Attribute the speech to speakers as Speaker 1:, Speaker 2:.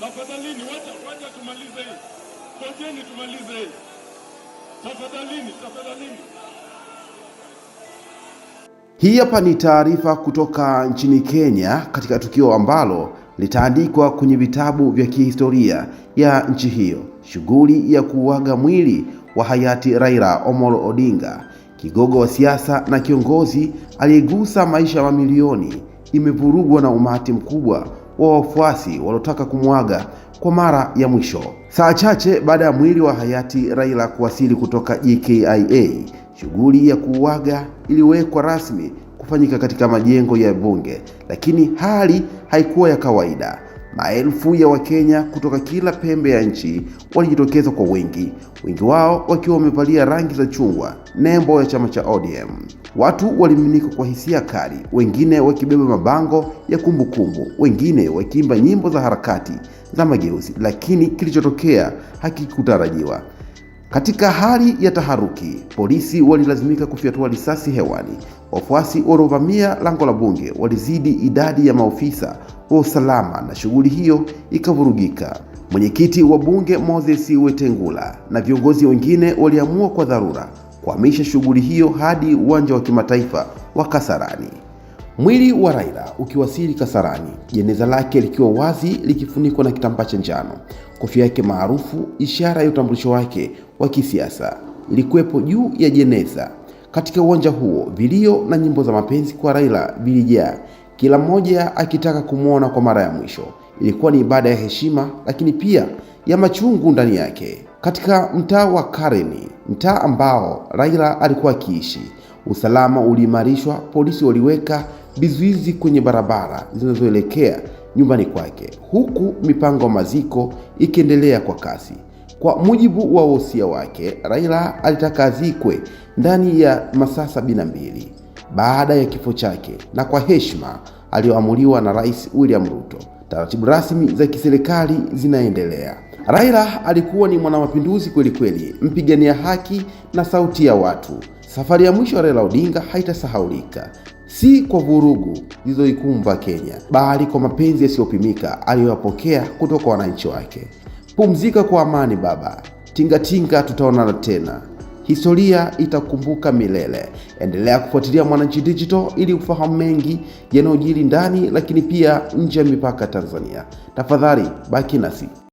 Speaker 1: Tafadhalini, wacha wacha tumalize hii. Ngojeni tumalize hii. Tafadhalini, tafadhalini. Hii hapa ni taarifa kutoka nchini Kenya katika tukio ambalo litaandikwa kwenye vitabu vya kihistoria ya nchi hiyo, shughuli ya kuuaga mwili wa hayati Raila Omolo Odinga, kigogo wa siasa na kiongozi aliyegusa maisha ya mamilioni, imevurugwa na umati mkubwa wa wafuasi waliotaka kumwaga kwa mara ya mwisho. Saa chache baada ya mwili wa hayati Raila kuwasili kutoka JKIA, shughuli ya kuuaga iliwekwa rasmi kufanyika katika majengo ya Bunge, lakini hali haikuwa ya kawaida. Maelfu ya Wakenya kutoka kila pembe ya nchi walijitokeza kwa wingi, wengi wao wakiwa wamevalia rangi za chungwa, nembo ya chama cha ODM. Watu walimiminika kwa hisia kali, wengine wakibeba mabango ya kumbukumbu kumbu, wengine wakiimba nyimbo za harakati za mageuzi, lakini kilichotokea hakikutarajiwa. Katika hali ya taharuki, polisi walilazimika kufyatua risasi hewani. Wafuasi waliovamia lango la bunge walizidi idadi ya maofisa kwa usalama na shughuli hiyo ikavurugika. Mwenyekiti wa bunge Moses wetengula na viongozi wengine waliamua kwa dharura kuhamisha shughuli hiyo hadi uwanja wa kimataifa wa Kasarani. Mwili wa Raila ukiwasili Kasarani, jeneza lake likiwa wazi likifunikwa na kitambaa cha njano. Kofia yake maarufu, ishara ya utambulisho wake wa kisiasa, ilikuwepo juu ya jeneza. Katika uwanja huo, vilio na nyimbo za mapenzi kwa Raila vilijaa, kila mmoja akitaka kumwona kwa mara ya mwisho. Ilikuwa ni ibada ya heshima, lakini pia ya machungu ndani yake. Katika mtaa wa Kareni, mtaa ambao Raila alikuwa akiishi, usalama uliimarishwa. Polisi waliweka vizuizi kwenye barabara zinazoelekea nyumbani kwake, huku mipango ya maziko ikiendelea kwa kasi. Kwa mujibu wa wosia wake, Raila alitaka azikwe ndani ya masaa sabini na mbili baada ya kifo chake na kwa heshima aliyoamuliwa na Rais William Ruto. Taratibu rasmi za kiserikali zinaendelea. Raila alikuwa ni mwanamapinduzi kweli kweli, mpigania haki na sauti ya watu. Safari ya mwisho ya Raila Odinga haitasahaulika, si kwa vurugu zilizoikumba Kenya, bali kwa mapenzi yasiyopimika aliyoyapokea kutoka wananchi wake. Pumzika kwa amani baba. Tingatinga, tutaonana tena historia itakumbuka milele. Endelea kufuatilia Mwananchi Digital ili ufahamu mengi yanayojiri ndani, lakini pia nje ya mipaka Tanzania. Tafadhali baki nasi.